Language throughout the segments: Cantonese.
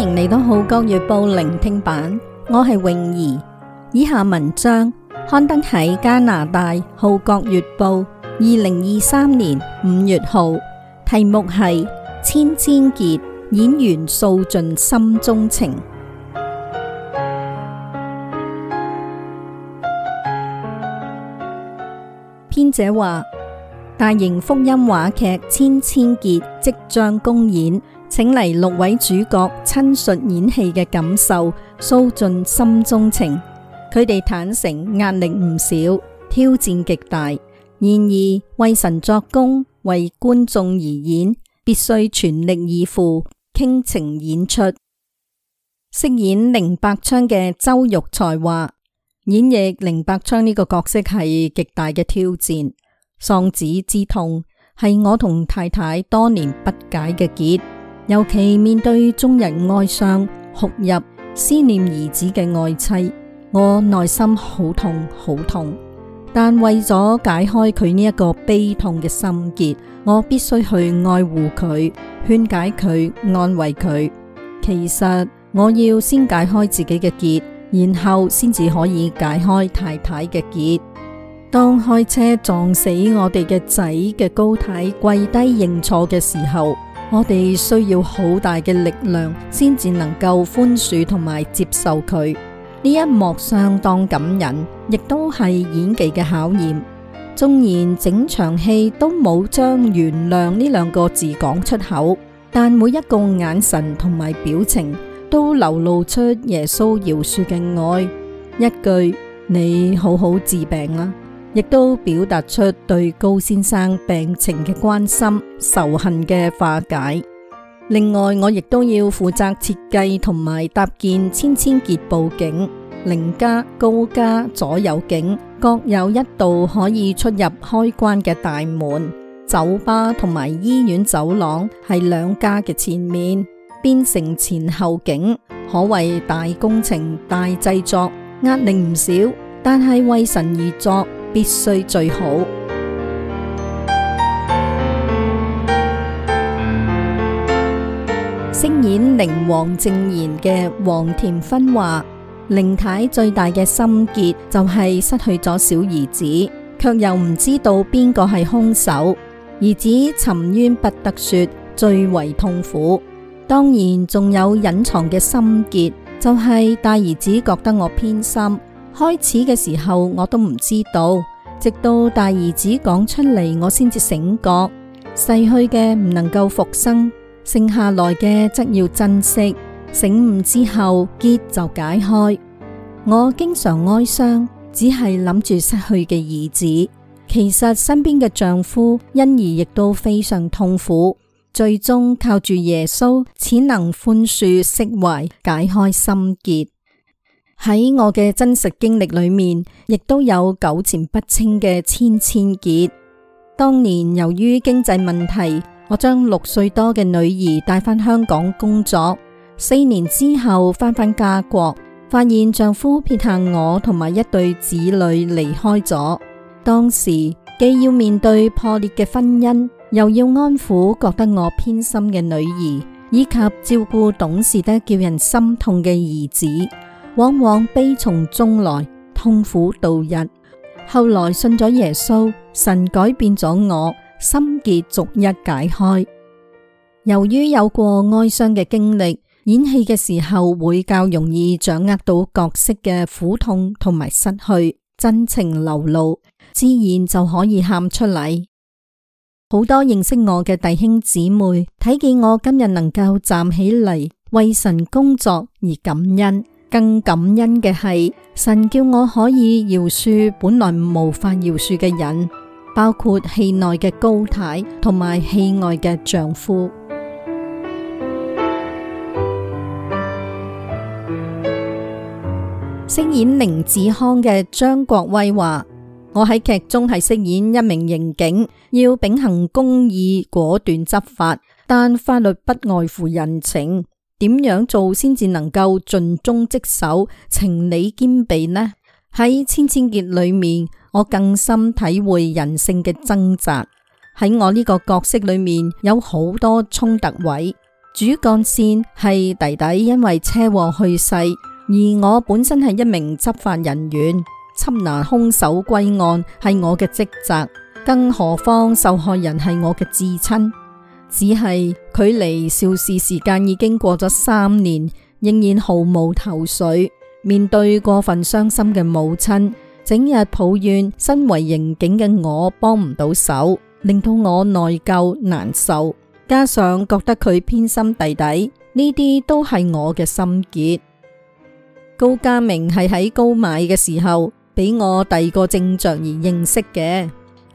歡迎嚟到《號角月報》聆聽版，我係泳儀。以下文章刊登喺加拿大《號角月報》二零二三年五月號，題目係《千千結》，演員訴盡心中情。編者話：大型福音話劇《千千結》即將公演。請嚟六位主角親述演戲嘅感受，訴盡心中情。佢哋坦承，壓力唔少，挑戰極大。然而為神作工，為觀眾而演，必須全力以赴，傾情演出。飾演凌百昌嘅周玉才話：演繹凌百昌呢個角色係極大嘅挑戰，喪子之痛係我同太太多年不解嘅結。尤其面對終日哀傷、哭泣、思念兒子嘅愛妻，我內心好痛好痛。但為咗解開佢呢一個悲痛嘅心結，我必須去愛護佢、勸解佢、安慰佢。其實我要先解開自己嘅結，然後先至可以解開太太嘅結。當開車撞死我哋嘅仔嘅高太跪低認錯嘅時候，我哋需要好大嘅力量，先至能夠寬恕同埋接受佢。呢一幕相當感人，亦都係演技嘅考驗。縱然整場戲都冇將原諒呢兩個字講出口，但每一個眼神同埋表情都流露出耶穌饒恕嘅愛。一句，你好好治病啦，啊。亦都表達出對高先生病情嘅關心、仇恨嘅化解。另外，我亦都要負責設計同埋搭建千千結布景，鄰家、高家左右景各有一道可以出入開關嘅大門。酒吧同埋醫院走廊係兩家嘅前面，變成前後景，可謂大工程、大製作，壓力唔少，但係為神而作。必須最好。飾演寧王正言嘅黃田芬話：寧太最大嘅心結就係失去咗小兒子，卻又唔知道邊個係凶手。兒子沉冤不得雪，最為痛苦。當然，仲有隱藏嘅心結，就係大兒子覺得我偏心。開始嘅時候我都唔知道，直到大兒子講出嚟，我先至醒覺。逝去嘅唔能夠復生，剩下來嘅則要珍惜。醒悟之後，結就解開。我經常哀傷，只係諗住失去嘅兒子。其實身邊嘅丈夫因而亦都非常痛苦。最終靠住耶穌，只能寬恕釋懷，解開心結。喺我嘅真實經歷裏面，亦都有糾纏不清嘅千千結。當年由於經濟問題，我將六歲多嘅女兒帶返香港工作，四年之後翻返家國，發現丈夫撇下我同埋一對子女離開咗。當時既要面對破裂嘅婚姻，又要安撫覺得我偏心嘅女兒，以及照顧懂事得叫人心痛嘅兒子。往往悲從中來，痛苦度日。後來信咗耶穌，神改變咗我，心結逐一解開。由於有過哀傷嘅經歷，演戲嘅時候會較容易掌握到角色嘅苦痛同埋失去，真情流露，自然就可以喊出嚟。好多認識我嘅弟兄姊妹睇見我今日能夠站起嚟為神工作而感恩。更感恩嘅係神叫我可以饒恕本來無法饒恕嘅人，包括戲內嘅高太同埋戲外嘅丈夫。飾演凌子康嘅張國威話：我喺劇中係飾演一名刑警，要秉行公義，果斷執法，但法律不外乎人情。點樣做先至能夠盡忠職守，情理兼備呢？喺千千結裏面，我更深體會人性嘅掙扎。喺我呢個角色裏面，有好多衝突位。主幹線係弟弟因為車禍去世，而我本身係一名執法人員，緝拿兇手歸案係我嘅職責。更何況受害人係我嘅至親。只係距離肇事時間已經過咗三年，仍然毫無頭緒。面對過分傷心嘅母親，整日抱怨身為刑警嘅我幫唔到手，令到我內疚難受。加上覺得佢偏心弟弟，呢啲都係我嘅心結。高家明係喺高買嘅時候，俾我第二個正著而認識嘅。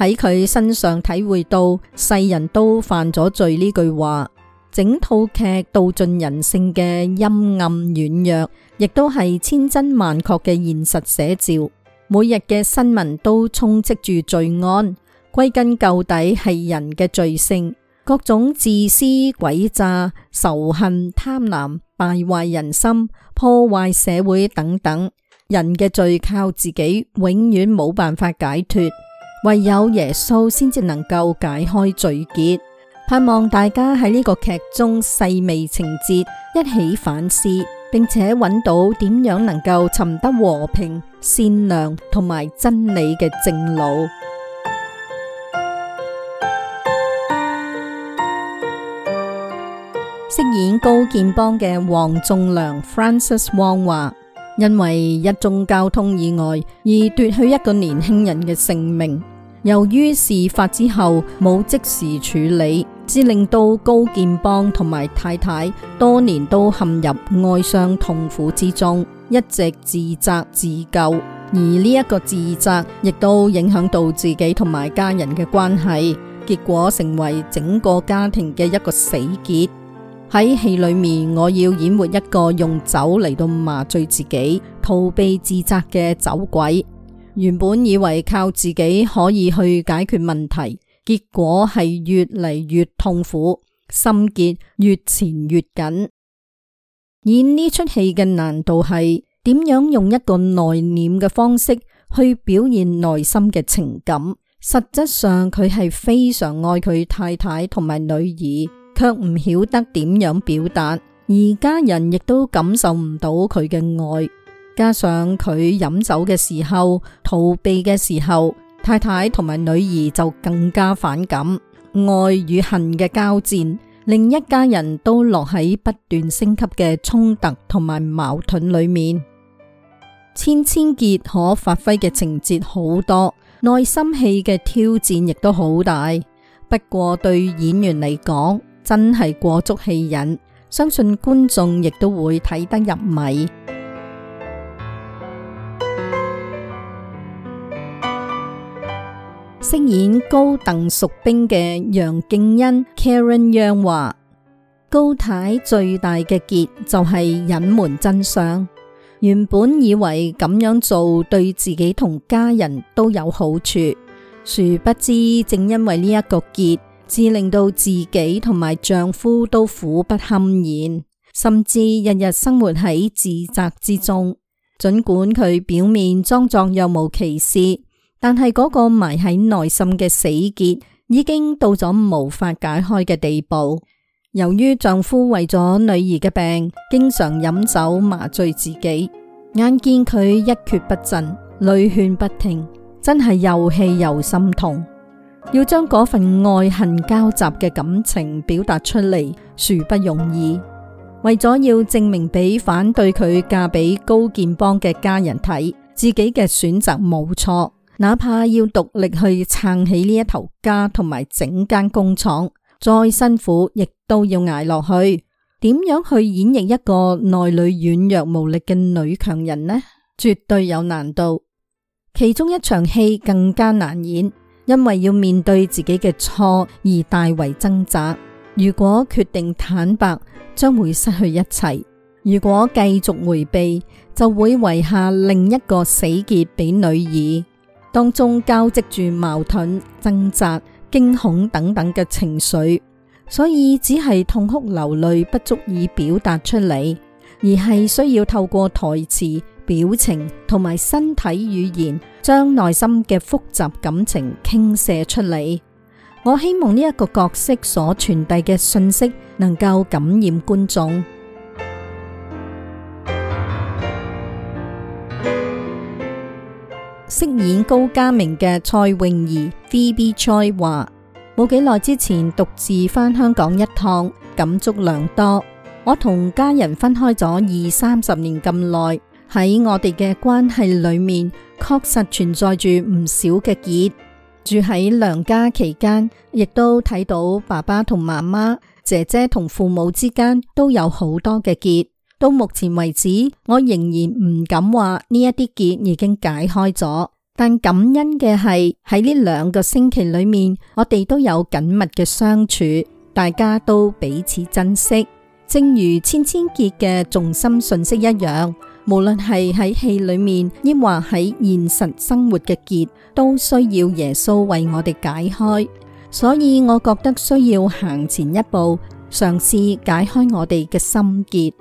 喺佢身上體會到世人都犯咗罪呢句話，整套劇道盡人性嘅陰暗軟弱，亦都係千真萬確嘅現實寫照。每日嘅新聞都充斥住罪案，歸根究底係人嘅罪性，各種自私、詭詐、仇恨、貪婪、貪婪、敗壞人心、破壞社會等等，人嘅罪靠自己永遠冇辦法解脱。唯有耶穌先至能夠解開罪結，盼望大家喺呢個劇中細微情節一起反思，並且揾到點樣能夠尋得和平、善良同埋真理嘅正路。飾演高建邦嘅黃仲良 （Francis Wong） 話，因為一宗交通意外而奪去一個年輕人嘅性命。由於事發之後冇即時處理，至令到高建邦同埋太太多年都陷入哀傷痛苦之中，一直自責自救。而呢一個自責亦都影響到自己同埋家人嘅關係，結果成為整個家庭嘅一個死結。喺戲裏面，我要演活一個用酒嚟到麻醉自己、逃避自責嘅酒鬼。原本以為靠自己可以去解決問題，結果係越嚟越痛苦，心結越纏越緊。演呢齣戲嘅難度係點樣用一個內斂嘅方式去表現內心嘅情感？實質上佢係非常愛佢太太同埋女兒，卻唔曉得點樣表達，而家人亦都感受唔到佢嘅愛。加上佢飲酒嘅時候，逃避嘅時候，太太同埋女兒就更加反感，愛與恨嘅交戰，令一家人都落喺不斷升級嘅衝突同埋矛盾裏面。千千結可發揮嘅情節好多，內心戲嘅挑戰亦都好大。不過對演員嚟講，真係過足戲癮，相信觀眾亦都會睇得入迷。飾演高鄧淑冰嘅楊敬恩 Karen 楊話：高太最大嘅結就係隱瞞真相，原本以為咁樣做對自己同家人都有好處，殊不知正因為呢一個結，至令到自己同埋丈夫都苦不堪言，甚至日日生活喺自責之中。盡管佢表面裝作若無其事。但係嗰個埋喺內心嘅死結已經到咗無法解開嘅地步。由於丈夫為咗女兒嘅病，經常飲酒麻醉自己，眼見佢一蹶不振，屢勸不停，真係又氣又心痛。要將嗰份愛恨交集嘅感情表達出嚟，殊不容易。為咗要證明俾反對佢嫁俾高建邦嘅家人睇，自己嘅選擇冇錯。哪怕要獨力去撐起呢一頭家，同埋整間工廠，再辛苦亦都要捱落去。點樣去演繹一個內裏軟弱無力嘅女強人呢？絕對有難度。其中一場戲更加難演，因為要面對自己嘅錯而大為掙扎。如果決定坦白，將會失去一切；如果繼續回避，就會遺下另一個死結俾女兒。當中交織住矛盾、掙扎、驚恐等等嘅情緒，所以只係痛哭流淚不足以表達出嚟，而係需要透過台詞、表情同埋身體語言，將內心嘅複雜感情傾瀉出嚟。我希望呢一個角色所傳遞嘅信息能夠感染觀眾。飾演高家明嘅蔡穎兒，Phoebe Choi 話：冇幾耐之前獨自返香港一趟，感觸良多。我同家人分開咗二三十年咁耐，喺我哋嘅關係裏面，確實存在住唔少嘅結。住喺娘家期間，亦都睇到爸爸同媽媽、姐姐同父母之間都有好多嘅結。到目前為止，我仍然唔敢話呢一啲結已經解開咗。但感恩嘅係喺呢兩個星期裏面，我哋都有緊密嘅相處，大家都彼此珍惜。正如千千結嘅重心信息一樣，無論係喺戲裏面，抑或喺現實生活嘅結，都需要耶穌為我哋解開。所以我覺得需要行前一步，嘗試解開我哋嘅心結。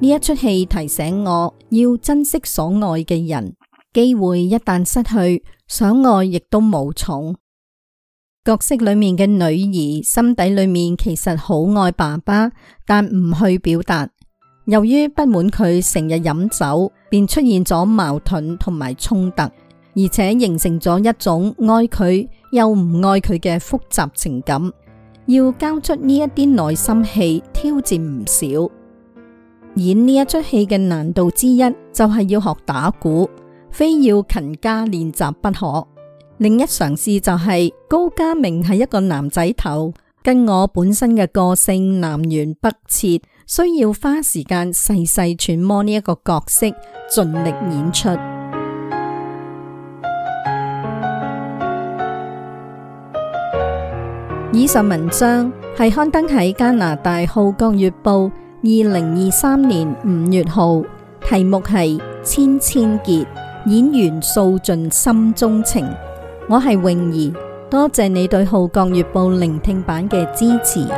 呢一出戲提醒我要珍惜所愛嘅人，機會一旦失去，想愛亦都無從。角色裏面嘅女兒心底裏面其實好愛爸爸，但唔去表達。由於不滿佢成日飲酒，便出現咗矛盾同埋衝突，而且形成咗一種愛佢又唔愛佢嘅複雜情感。要交出呢一啲內心戲，挑戰唔少。演呢一齣戲嘅難度之一，就係要學打鼓，非要勤加練習不可。另一嘗試就係、是、高家明係一個男仔頭，跟我本身嘅個性南轅北轍，需要花時間細細揣摩呢一個角色，盡力演出。 以上文章係刊登喺加拿大《號角月報》。二零二三年五月號，題目係《千千結》，演員訴盡心中情。我係穎兒，多謝你對《號角月報》聆聽版嘅支持。